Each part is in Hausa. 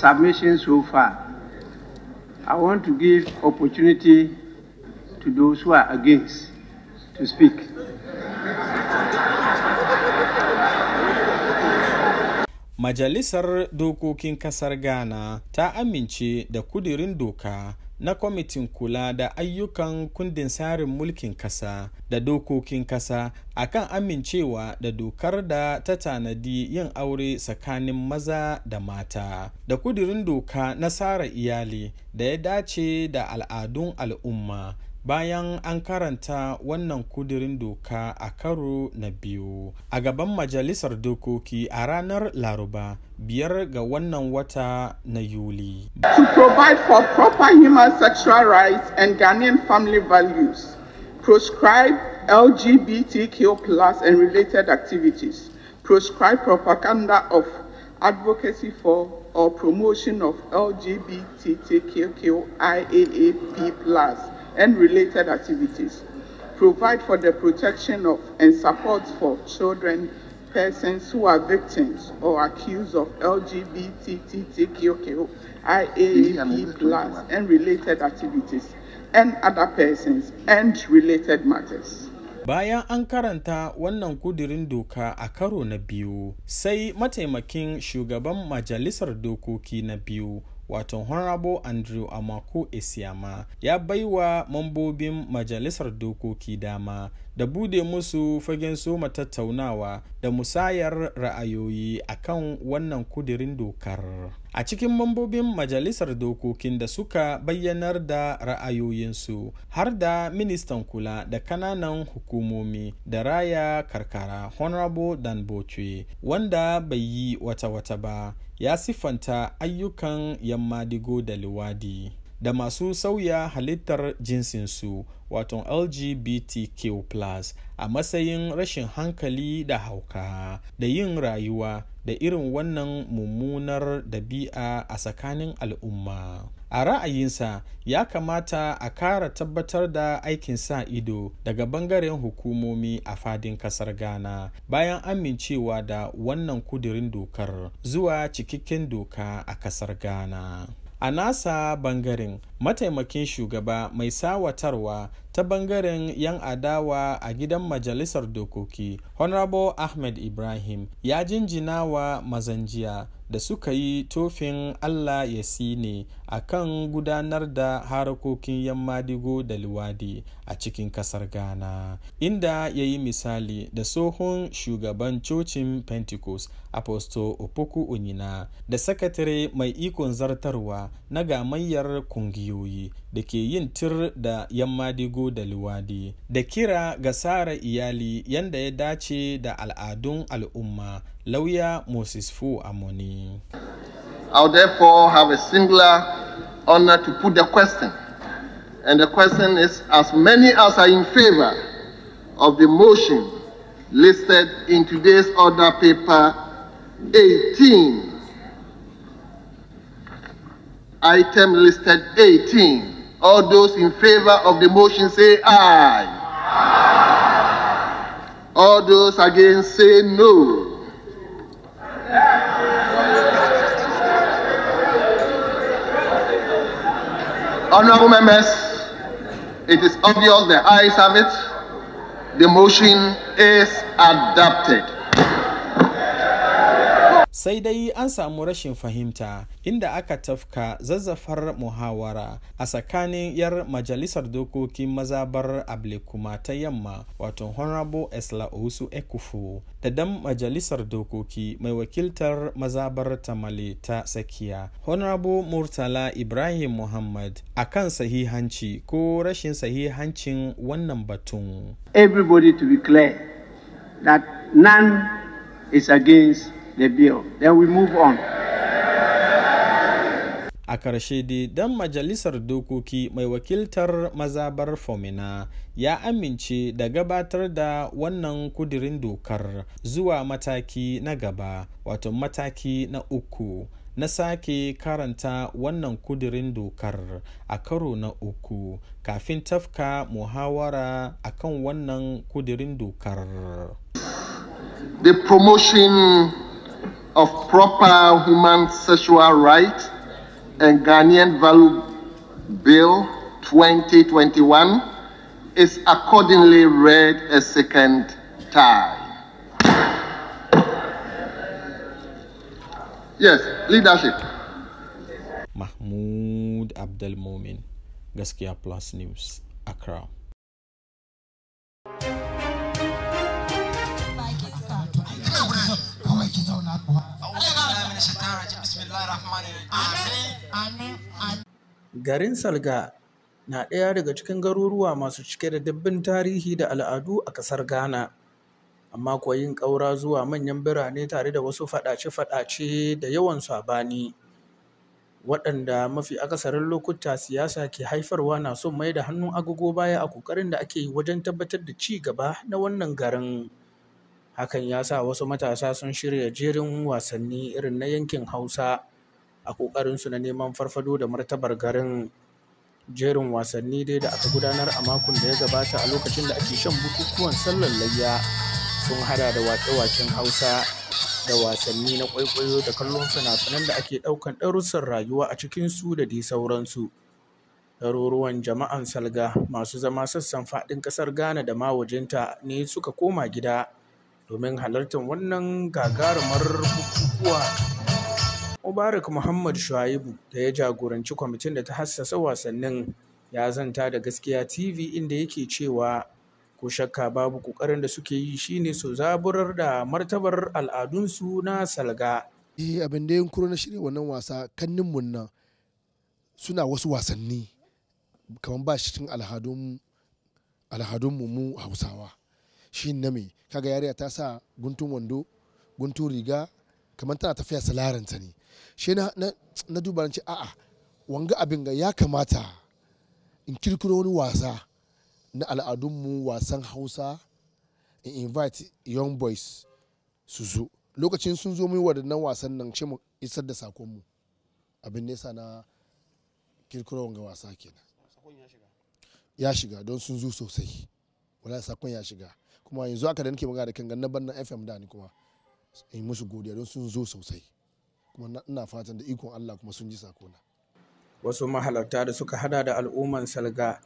submission so far. I want to give opportunity to those who are against to speak. Majalisar Dokokin Kasar Ghana ta amince da kudirin doka na kwamitin kula da ayyukan kundin tsarin mulkin kasa da dokokin kasa akan amincewa da dokar da ta tanadi yin aure tsakanin maza da mata da kudirin doka na tsara iyali da ya dace da al'adun al'umma bayan an karanta wannan kudirin doka a karo na biyu a gaban majalisar dokoki a ranar laruba biyar ga wannan wata na yuli to provide for proper human sexual rights and ghanaian family values proscribe lgbtq plus and related activities proscribe propaganda of advocacy for or promotion of LGBTQIAAP plus and related activities, provide for the protection of and support for children, persons who are victims or accused of LGBTQIAP plus and related activities, and other persons and related matters. Bayan an karanta wannan kudirin doka a karo na biyu, sai mataimakin shugaban majalisar dokoki na biyu wato honorable andrew amaku esiama ya baiwa mambobin majalisar dokoki dama da bude musu fagen soma tattaunawa da musayar ra'ayoyi a kan wannan kudirin dokar. A cikin mambobin majalisar dokokin da suka bayyanar da ra'ayoyinsu har da ministan kula da kananan hukumomi da raya karkara Honorable Dan Bochwe wanda bai yi wata-wata ba ya siffanta ayyukan yamma digo da liwadi. da masu sauya halittar jinsinsu wato lgbtq a matsayin rashin hankali da hauka da yin rayuwa da irin wannan mummunar dabi'a a tsakanin al'umma a ra'ayinsa ya kamata a kara tabbatar da aikin sa ido daga bangaren hukumomi a fadin kasar ghana bayan amincewa da wannan kudirin dokar zuwa cikakken doka a kasar ghana a nasa bangaren mataimakin shugaba mai sawatarwa ta bangaren yan adawa a gidan majalisar dokoki honorable ahmed ibrahim ya jinjina wa mazanjiya da suka yi tofin Allah ya ne a kan gudanar da harakokin yammadigo da liwadi a cikin kasar Ghana, inda ya yi misali da tsohon shugaban cocin Pentecost Apostle Opoku Onyina da sakatare mai ikon zartarwa na gamayyar kungiyoyi da ke yin tir da yammadigo da liwadi da kira ga tsara iyali yadda ya dace da al'adun al'umma Lawyer Moses Fu Amoni. I'll therefore have a singular honor to put the question. And the question is as many as are in favor of the motion listed in today's order paper 18, item listed 18. All those in favor of the motion say aye. aye. All those against say no. Honorable members, it is obvious the eyes have it. The motion is adopted. sai dai an samu rashin fahimta inda aka tafka zazzafar muhawara a tsakanin yar majalisar dokokin mazabar ablekuma ta yamma wato honorable esla osu ekufu da dan majalisar dokoki mai wakiltar mazabar tamale ta tsakiya honorable murtala ibrahim muhammad a kan sahihanci ko rashin sahihancin wannan batun everybody to be clear that none is against the bill. Then we move on. a ƙarshe dai dan majalisar dokoki mai wakiltar mazabar fomina ya amince da gabatar da wannan kudirin dokar zuwa mataki na gaba wato mataki na uku na sake karanta wannan kudirin dokar a karo na uku kafin tafka muhawara akan wannan kudirin dokar the promotion of proper human sexual rights and Ghanaian Value Bill 2021 is accordingly read a second time. Yes, leadership. Mahmoud Abdel Abdelmomin, Gaskia Plus News, Accra. Garin Salga na ɗaya daga cikin garuruwa masu cike da dabbin tarihi da al'adu a ƙasar Ghana. Amma kuwa ƙaura zuwa manyan birane tare da wasu faɗace-faɗace da yawan sabani, waɗanda mafi akasarin lokuta siyasa ke haifarwa na son mai da hannun agogo baya a ƙoƙarin da ake yi wajen tabbatar da ci gaba na wannan garin. Hakan ya sa wasu matasa sun shirya jerin wasanni irin na yankin Hausa. a su na neman farfado da martabar garin jerin wasanni dai da aka gudanar a makon da ya gabata a lokacin da ake shan bukukuwan sallar layya sun hada da waƙe-waƙen hausa da wasanni na kwaikwayo da kallon fina-finan da ake ɗaukan darussan rayuwa a cikin su da dai sauransu ɗaruruwan jama'an salga masu zama sassan faɗin ƙasar ghana da ma wajenta ne suka koma gida domin halartar wannan gagarumar bukukuwa Mubarak Muhammad Shuaibu da ya jagoranci kwamitin da ta hassasa wasannin ya zanta da Gaskiya TV inda yake cewa ko shakka babu kokarin da suke yi shine su zaburar da martabar al'adunsu na salga. Eh abin da yankuro na shirya wannan wasa kannin mun nan suna wasu wasanni kamar ba shi cikin alhadun mu Hausawa. Shi na me kaga yariya ta sa guntun wando guntun riga kamar tana tafiya salaranta ne shi na na duba na ce a'a wanga abin ga ya kamata in kirkiro wani wasa na al'adunmu wasan hausa in invite young boys su zo lokacin sun zo mai waɗannan wasan nan ce mu isar da sakonmu abin nesa na kirkiro wanga wasa kenan ya shiga don sun zo sosai wala sakon ya shiga kuma yanzu aka da nake magana da kan na bannan fm da ni kuma in musu godiya don sun zo sosai kuma ina fatan da ikon Allah kuma sun ji sakona wasu mahalarta da suka hada da al'umman salga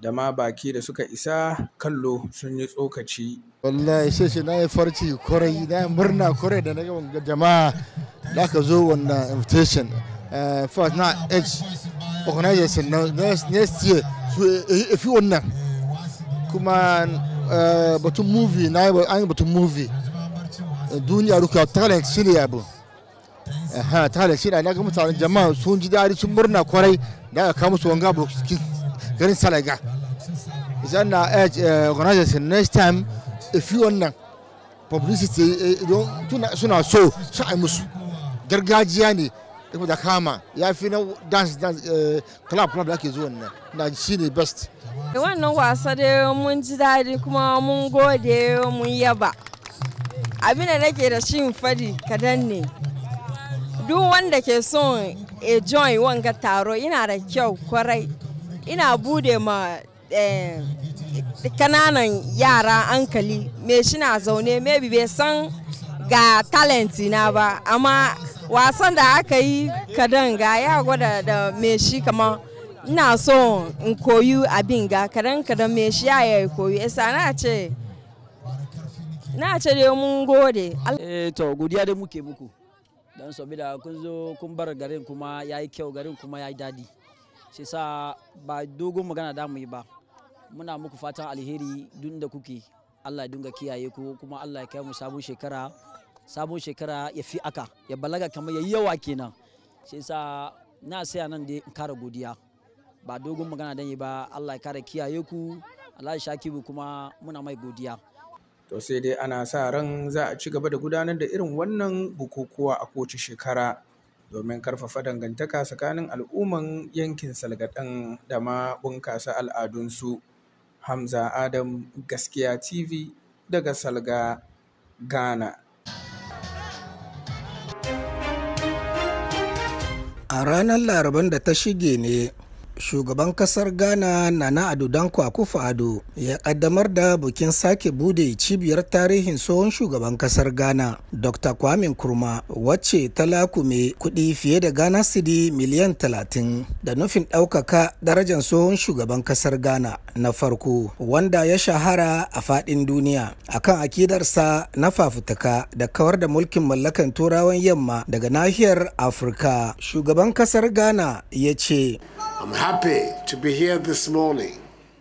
da ma baki da suka isa kallo sun yi tsokaci wallahi shi na yi farci kwarai na yi murna kwarai da na ga jama'a da aka zo wannan invitation eh, first na h organization next year su efi eh, eh, wannan kuma batun movie na yi batun movie duniya ruka talent shirya abu ta da shi da na ga mutanen jama'a sun ji daɗi sun murna kwarai da aka kama su wanga abokin garin salaga idan na edge eh, eh, organizers next time if you wannan publicity eh, suna so su a musu gargajiya ne kuma da kama ya fi na dance dance club club da ake zuwa nan na shi ne best da wannan wasa dai mun ji dadi kuma mun gode mun yaba abin da nake da shi fadi kadan ne duk wanda ke son a join wanga taro ina da kyau kwarai ina bude ma eh, kananan yara hankali me shi na zaune maybe bai san ga talenti na ba amma wasan da aka yi kadan ga ya gwada da me shi kama ina so in koyu abin ga kadan kadan me shi ya koyu isa na ce na ce dai mun gode eh to godiya da muke muku don saboda kun zo kun bar garin kuma ya yi kyau garin kuma ya yi daɗi shi sa ba dogon magana da mu yi ba muna muku fatan alheri duk da kuke allah ya dinga kiyaye ku kuma allah ya kai mu sabon shekara sabon shekara ya fi aka ya balaga kamar ya yi yawa kenan shi sa na saya nan da in kara godiya ba dogon magana dan yi ba allah ya kara kiyaye ku allah ya sha kuma muna mai godiya to sai dai ana sa ran za a ci gaba da gudanar da irin wannan bukukuwa a kowace shekara domin karfafa dangantaka tsakanin al'umman yankin salgaɗen da ma bunkasa al'adunsu hamza adam gaskiya tv daga salga ghana a ranar laraban da ta shige ne shugaban kasar ghana na ado danko akufo ado ya kaddamar da bukin sake bude cibiyar tarihin tsohon shugaban kasar ghana dr kwame kurma wacce ta lakume kudi fiye da ghana sidi miliyan 30 da nufin ɗaukaka darajar tsohon shugaban kasar ghana na farko wanda ya shahara a fadin duniya akan akidarsa na fafutuka da kawar da mulkin mallakan turawan yamma daga nahiyar afirka shugaban kasar ghana ya ce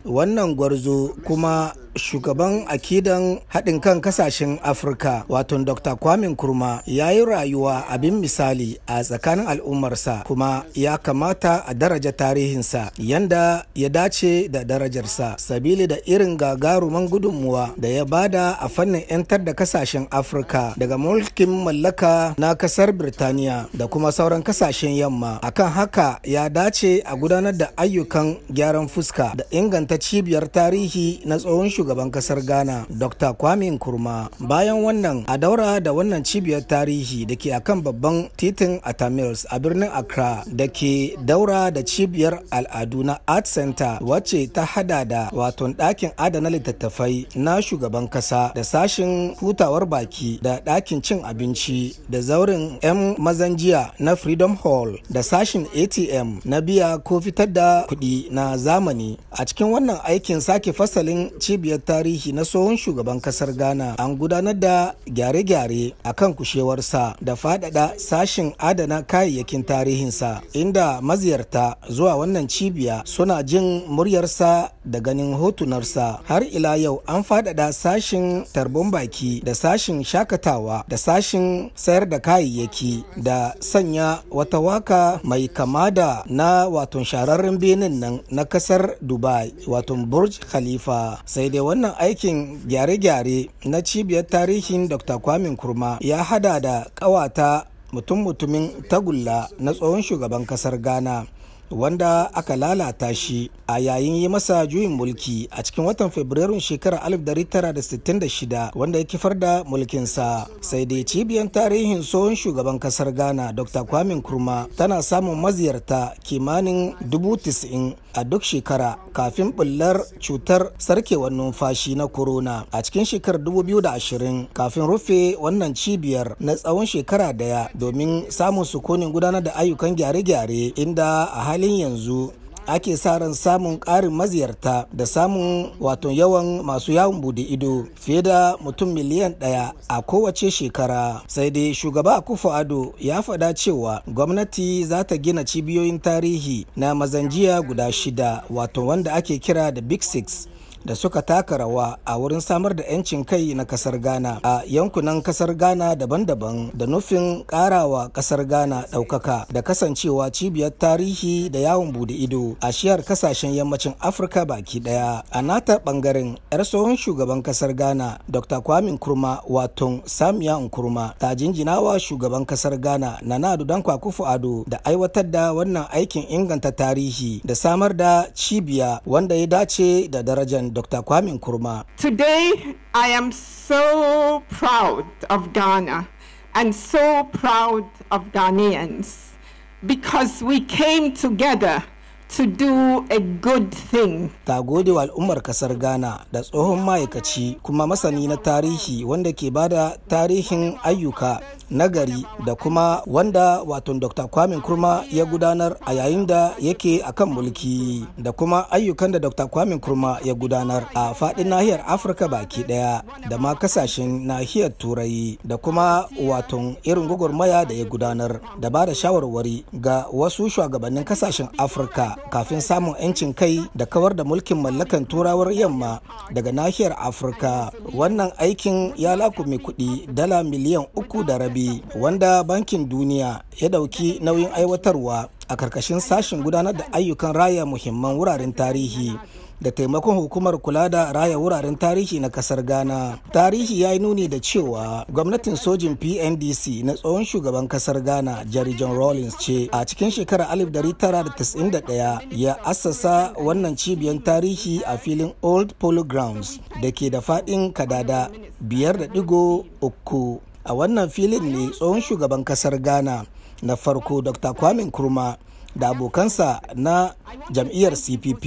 wannan gwarzo kuma shugaban akidan haɗin kan kasashen afirka wato dr kwamin kurma ya yi rayuwa abin misali a tsakanin al'ummarsa kuma ya kamata a daraja tarihinsa yanda ya dace da darajarsa sabili da irin gagaruman gudunmuwa da ya bada a fannin 'yantar da kasashen afirka daga mulkin mallaka na kasar birtaniya da kuma sauran kasashen yamma akan haka ya dace a gudanar da ayyukan gyaran fuska da inganta cibiyar tarihi na tsohon shugaban shugaban kasar ghana dr kwame nkurma bayan wannan a daura da wannan cibiyar tarihi da ke akan babban titin atamils a birnin accra da ke daura da cibiyar al'adu na art center wacce ta hada da waton ɗakin adana littattafai na shugaban kasa da sashin hutawar baki da ɗakin cin abinci da zaurin 'yan mazan jiya na freedom hall da sashin atm na biya ko fitar da kuɗi na zamani a cikin wannan aikin sake fasalin cibiyar cikakken tarihi na tsohon shugaban kasar ghana an gudanar da gyare-gyare a kan kushewarsa da faɗaɗa sashin adana kayayyakin tarihinsa inda maziyarta zuwa wannan cibiya suna jin muryarsa da ganin hotunarsa har ila yau an faɗaɗa sashin tarbon baki da sashin shakatawa da sashin sayar da kayayyaki da sanya wata waka mai kama da na waton shararren benin nan na kasar dubai waton burj khalifa sai dai dai wannan aikin gyare-gyare na cibiyar tarihin dr kwamin kurma ya hada da kawata mutum-mutumin tagulla na tsohon shugaban kasar ghana wanda aka lalata shi a yayin yi masa juyin mulki a cikin watan fabrairun shekarar 1966 wanda ya kifar da mulkinsa sai dai cibiyar tarihin tsohon shugaban kasar ghana dr kwame kurma tana samun maziyarta kimanin 90,000 a duk shekara kafin bullar cutar sarkewar numfashi na corona a cikin shekarar 2020 kafin rufe wannan cibiyar na tsawon shekara daya domin samun sukunin gudanar da ayyukan gyare-gyare inda a halin yanzu ake sa ran samun ƙarin maziyarta da samun wato yawan masu yawon bude ido fiye da mutum miliyan ɗaya a kowace shekara sai dai shugaba kufu ado ya faɗa cewa gwamnati za ta gina cibiyoyin tarihi na mazanjiya guda shida wato wanda ake kira da big six da suka taka rawa a wurin samar da 'yancin kai na kasar Ghana a yankunan kasar Ghana daban-daban da nufin karawa kasar Ghana ɗaukaka da kasancewa cibiyar tarihi da yawon bude ido a shiyar kasashen yammacin Afirka baki daya. A nata bangaren 'yar tsohon shugaban kasar Ghana Dr. kwamin kurma waton Samiya nkurma ta jinjinawa shugaban kasar Ghana nadu don kwakufu Ado da aiwatar da wannan aikin inganta tarihi da samar da cibiya wanda ya dace da darajar Dr. Kwame Nkrumah. Today, I am so proud of Ghana and so proud of Ghanaians because we came together to do a good thing. Ta gode wa al'ummar kasar Ghana da tsohon ma'aikaci kuma masani na tarihi wanda ke bada tarihin ayyuka nagari da kuma wanda wato dr kwame kurma ya gudanar a yayin da yake akan mulki da kuma ayyukan da dr kwame kurma ya gudanar a fadin nahiyar afirka baki ɗaya da ma kasashen nahiyar turai da kuma wato irin gwagwarmaya da ya gudanar da ba da shawarwari ga wasu shugabannin kasashen afirka kafin samun 'yancin kai da kawar da mulkin mallakan turawar yamma daga nahiyar afirka wannan aikin ya lakumi kuɗi dala miliyan uku da rabi wanda Bankin Duniya ya ɗauki nauyin aiwatarwa a karkashin sashin gudanar da ayyukan raya muhimman wuraren tarihi da taimakon hukumar kula da raya wuraren tarihi na kasar ghana tarihi ya yi nuni da cewa gwamnatin sojin pndc na tsohon shugaban kasar ghana jerry john rawlings ce a cikin shekarar 1991 ya assasa wannan cibiyar tarihi a filin old polo grounds da ke da faɗin kadada 5.3 a wannan filin ne tsohon shugaban kasar ghana na farko dr kwame Kurma da abokansa na jam'iyyar cpp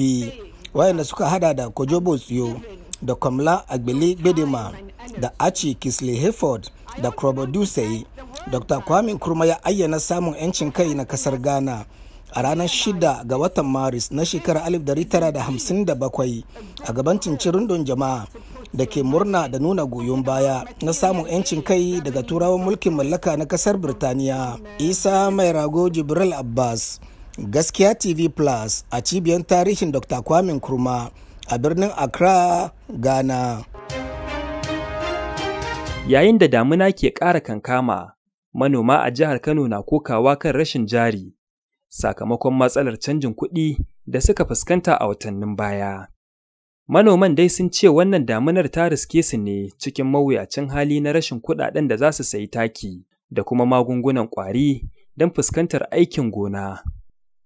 wayanda suka hada da kojo tsiyo da kwamla agbele gbedema da achi kisle hayford da krobo dusai dr kwame Kurma ya ayyana samun 'yancin kai na kasar ghana a ranar 6 ga watan maris na shekarar 1957 a gaban cincirindon jama'a da ke murna da nuna goyon baya na samun 'yancin kai daga turawan mulkin mallaka na kasar birtaniya isa mai rago jibril abbas gaskiya tv plus a cibiyar tarihin dr kwamin kurma a birnin accra ghana yayin da damuna ke ƙara kankama manoma a jihar kano na kokawa kan rashin jari sakamakon matsalar canjin kuɗi da suka fuskanta a watannin baya Manoman dai sun ce wannan damunar ta riske su ne cikin mawuyacin hali na rashin kuɗaɗen da za su sayi taki da kuma magungunan ƙwari don fuskantar aikin gona.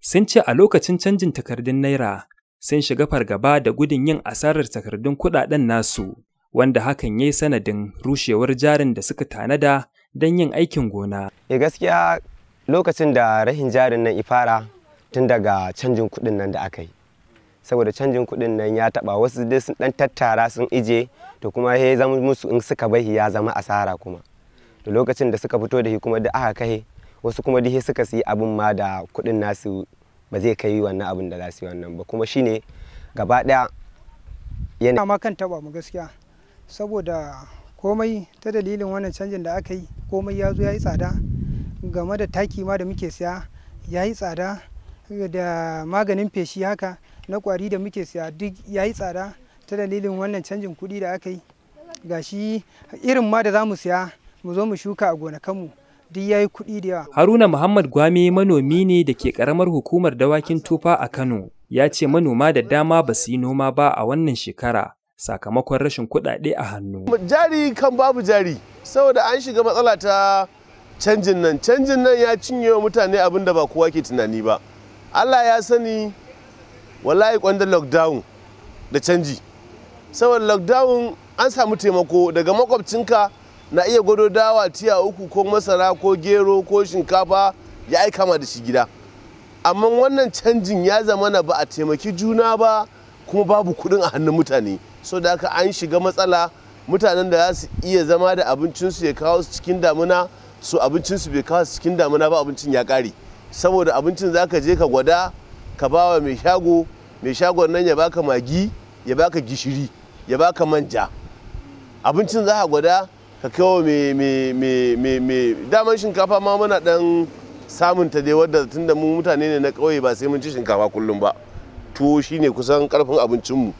Sun ce a lokacin canjin takardun Naira sun shiga fargaba da gudun yin asarar takardun kuɗaɗen nasu, wanda hakan ya yi sanadin rushewar jarin da suka tanada don yin aikin gona. E gaskiya lokacin da rahin jarin nan ifara tun daga canjin kuɗin nan da aka yi. saboda canjin kuɗin nan ya taɓa wasu dai sun ɗan tattara sun ije to kuma ya zama musu in suka bahi ya zama asara kuma to lokacin da suka fito da shi kuma da aka kai wasu kuma dihe suka siyi abin ma da kuɗin nasu ba zai kai wannan abin da za su yi wannan ba kuma shine gaba ɗaya yana ma kan taɓa mu gaskiya saboda komai ta dalilin wannan canjin da aka yi komai ya zo ya yi tsada game da taki ma da muke siya ya yi tsada da maganin feshi haka na kwari da muke siya duk ya yi tsada ta dalilin wannan canjin kuɗi da aka yi ga shi irin ma da za mu siya mu zo mu shuka a gonakanmu duk ya yi kuɗi da yawa. Haruna Muhammad gwame manomi ne da ke ƙaramar hukumar dawakin tufa a Kano. Ya ce manoma da dama ba su yi noma ba a wannan shekara sakamakon rashin kuɗaɗe a hannu. Jari kan babu jari saboda an shiga matsala ta canjin nan. Canjin nan ya cinye wa mutane abin da ba kowa ke tunani ba. Allah ya sani wallahi kwandon lockdown da canji saboda lockdown an samu taimako daga makwabcinka na iya gwado dawa tiya uku ko masara ko gero ko shinkafa ya aika ma da shi gida amma wannan canjin ya zama na ba a taimaki juna ba kuma babu kudin a hannun mutane so da haka an shiga matsala mutanen da za su iya zama da abincinsu ya kawo su cikin damuna so abincinsu bai kawo su cikin damuna ba abincin ya kare saboda abincin za ka je ka gwada ka bawa mai shago mai shagon nan ya baka magi ya baka gishiri ya baka manja abincin za a gwada ka kawo mai daman shinkafa ma muna dan samun ta dai wadda tunda mu mutane ne na kauye ba sai mun ci shinkafa kullum ba tuwo ne kusan karfin abincinmu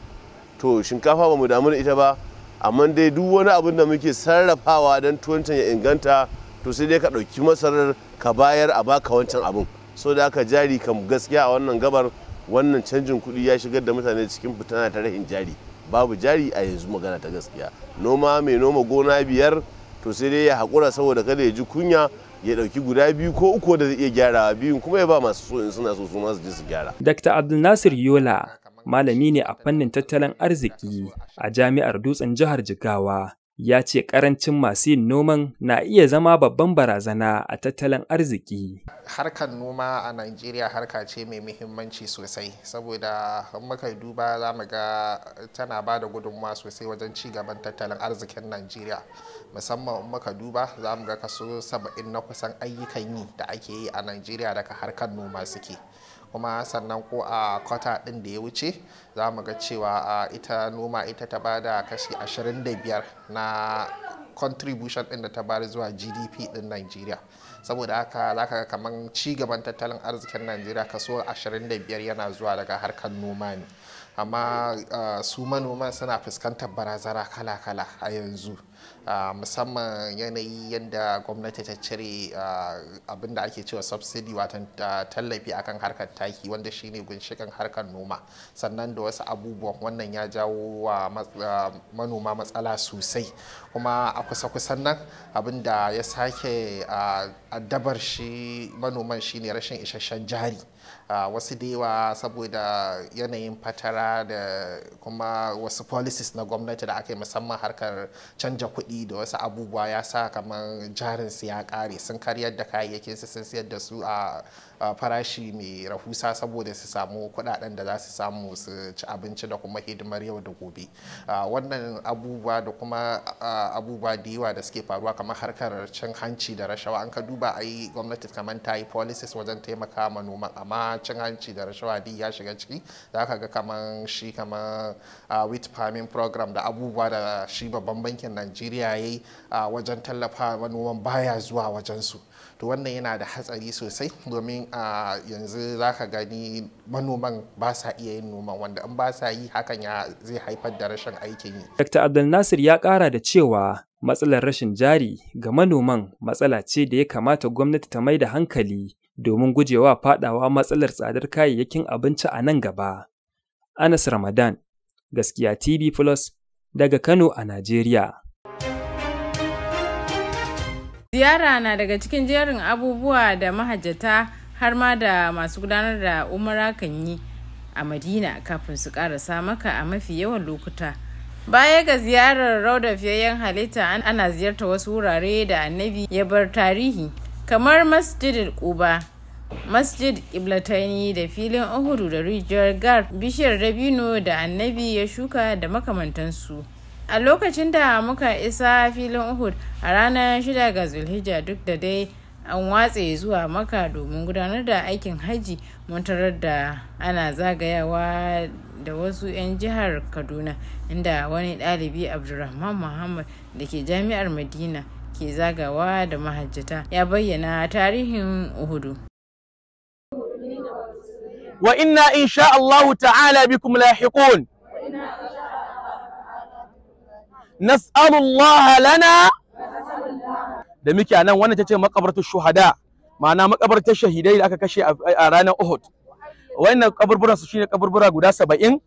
to shinkafa ba mu damu da ita ba amma dai duk wani abin da muke sarrafawa don tuwancin ya inganta to sai dai ka ɗauki masarar ka bayar a baka wancan abin so da aka jari kam gaskiya a wannan gabar wannan canjin kuɗi ya shigar da mutane cikin fitana ta rahin jari babu jari a yanzu magana ta gaskiya noma mai noma gona biyar to sai dai ya haƙura saboda kada ya ji kunya ya ɗauki guda biyu ko uku da zai iya gyarawa biyun kuma ya ba masu so in suna so su ma su su gyara. Dr. Abdulnasir Yola malami ne a fannin tattalin arziki a jami'ar dutsen jihar Jigawa ya ce karancin masu yin noman na iya zama babban barazana a tattalin arziki. Harkar noma a Najeriya harka ce mai muhimmanci sosai saboda muka duba za mu ga tana ba da gudunmawa sosai wajen ci gaban tattalin arzikin Najeriya. Musamman muka duba za mu ga kaso saba'in na kusan ayyukan yi da ake yi a Najeriya daga harkar noma suke. kuma sannan ko a kwata ɗin da ya wuce za mu ga cewa ita noma ita ta bada kashi 25 na contribution ɗin da ta bada zuwa gdp ɗin nigeria saboda haka zaka ga kamar gaban tattalin arzikin nigeria kaso 25 yana zuwa daga harkar noma ne amma ah, su manoman suna fuskantar barazara kala-kala a yanzu ah, musamman yanayi yadda gwamnati ta cire abinda ah, abin da ake cewa subsidy watan tallafi akan harkar taki wanda shine ginshiƙin harkar noma sannan da wasu abubuwan wannan ya jawo wa manoma matsala sosai kuma a kusa-kusan nan abin da ya sake addabar shi manoman shine rashin isasshen jari wasu dewa saboda yanayin fatara da kuma wasu policies na gwamnati da aka yi musamman harkar canja kuɗi da wasu abubuwa ya sa kamar jarinsu ya ƙare sun karyar da kayayyakin su sun siyar da su a farashi mai rahusa saboda su samu kudaden da za su samu su ci abinci da kuma hidimar yau da gobe wannan abubuwa da kuma abubuwa da yawa da suke faruwa kamar harkar cin hanci da rashawa an ka duba a yi gwamnati kamar ta yi policies wajen taimaka manoman amma cin hanci da rashawa duk ya shiga ciki za ka ga kamar shi kamar wheat farming program da abubuwa da shi babban bankin najeriya ya yi wajen tallafa manoman baya zuwa wajen su to wannan yana da hatsari sosai domin a yanzu za ka gani manoman ba sa iya yin noman wanda in ba sa yi hakan ya zai haifar da rashin aikin yi. Dr. Abdul Nasir ya ƙara da cewa matsalar rashin jari ga manoman matsala ce da ya kamata gwamnati ta mai da hankali domin gujewa faɗawa matsalar tsadar kayayyakin abinci a nan gaba. Anas Ramadan, Gaskiya TV Plus, daga Kano a Najeriya. Ziyara na daga cikin jerin abubuwa da mahajjata har ma da masu gudanar da umara kan yi a Madina kafin su karasa samaka a mafi yawan lokuta. Baya ga ziyarar rauda fiyayyen halitta ana ziyartar wasu wurare da annabi ya bar tarihi kamar Masjid Quba, Masjid Iblatani da filin Uhudu da rijiyar Gar, bishiyar Dabino da annabi ya shuka da makamantansu. a lokacin da muka isa filin uhud a ranar 6 ga zulhijja duk da dai an watse zuwa maka domin gudanar da aikin hajji mun tarar da ana zagayawa da wasu 'yan jihar kaduna inda wani ɗalibi abdulrahman muhammad da ke jami'ar madina ke zagawa da mahajjata ya bayyana tarihin uhudu wa inna insha allahu ta'ala bikum lahiqun nas'alullaha lana da muke a nan wannan ce makabartu shuhada ma'ana makabartar shahidai da aka kashe a ranar Uhud wannan kaburburan su shine kaburbura guda 70 eh,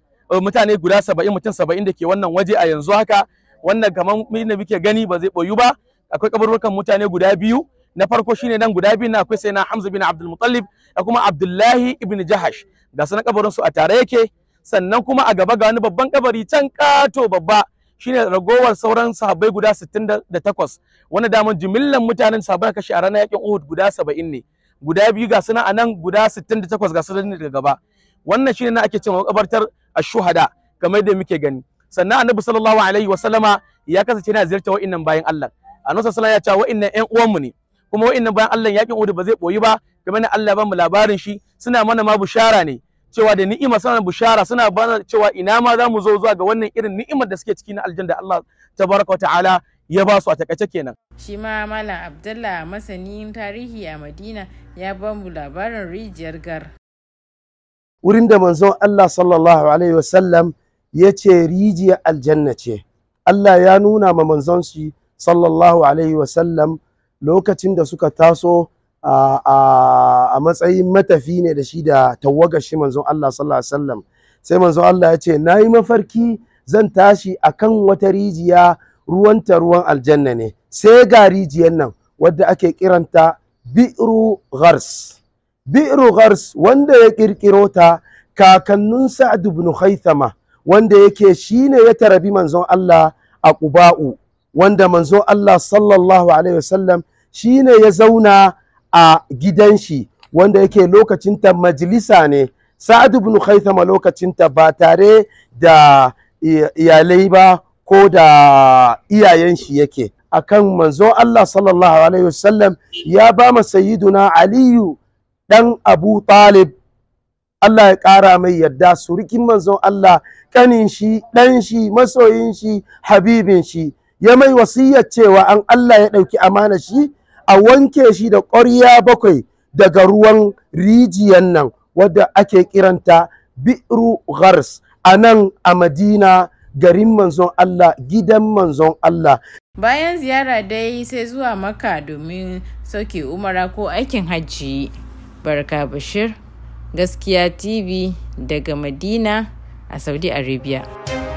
mutane guda 70 mutum 70 da ke wannan waje a yanzu haka wannan kaman da muke gani ba zai boyu ba akwai kaburburkan mutane guda biyu na farko shine nan guda biyu na akwai sai na Hamza bin Abdul Muttalib da kuma Abdullahi ibn Jahash ga sanan kabarin su a tare yake sannan kuma a gaba ga wani babban kabari can kato babba shine ragowar sauran sahabbai guda 68 wani damar jimillan mutanen sahabbai kashi a ranar yakin Uhud guda 70 ne guda biyu ga suna a nan guda 68 ga suna daga gaba wannan shine na ake cewa kabartar ash-shuhada kamar da muke gani sannan annabi sallallahu alaihi wasallama ya kasance yana ziyarta wa'annan bayan Allah annabi sallallahu alaihi ya ce wa'annan ƴan uwanmu ne kuma wa'annan bayan Allah yakin Uhud ba zai boyi ba kamar ne Allah ba mu labarin shi suna mana ma bushara ne cewa da ni'ima suna bushara suna bana cewa ina ma za mu zo zuwa ga wannan irin ni'imar da suke ciki na aljanna Allah tabaraka wa ta'ala ya ba su a takaice kenan. Shi ma Malam Abdullah masanin tarihi a Madina ya ba mu labarin rijiyar gar. Wurin da manzon Allah sallallahu alaihi ya ce Rijiya aljanna ce. Allah ya nuna ma manzon shi sallallahu alaihi sallam lokacin da suka taso a matsayin matafi ne da shi da tawagar shi manzon Allah sallallahu alaihi wasallam sai manzon Allah ya nayi mafarki zan tashi akan wata rijiya ruwanta ruwan aljanna ne sai ga rijiyar nan wadda ake kiranta bi'ru ghars bi'ru ghars wanda ya kirkiro ta kakannin sa'ad ibn khaythama wanda yake shine ya tarbi manzon Allah a quba'u wanda manzon Allah sallallahu alaihi wasallam shine ya zauna a gidan shi wanda yake lokacin ta majalisa ne sa'ad ibn lokacin lokacinta ba tare da iyalai ba ko da iyayen shi yake akan manzo Allah sallallahu alaihi wasallam ya ba ma sayyiduna aliyu dan abu talib Allah ya ƙara mai yadda surikin manzon Allah kanin shi ɗanshi, shi masoyin shi habibin shi ya mai wasiyar cewa an Allah ya ɗauki amana shi a wanke shi da ƙwarya bakwai daga ruwan rijiyar nan wadda ake kiranta bi'ru gars a nan a madina garin manzon Allah gidan manzon Allah bayan ziyara dai sai zuwa maka domin sauke umara ko aikin hajji barka bashir gaskiya tv daga madina a saudi arabia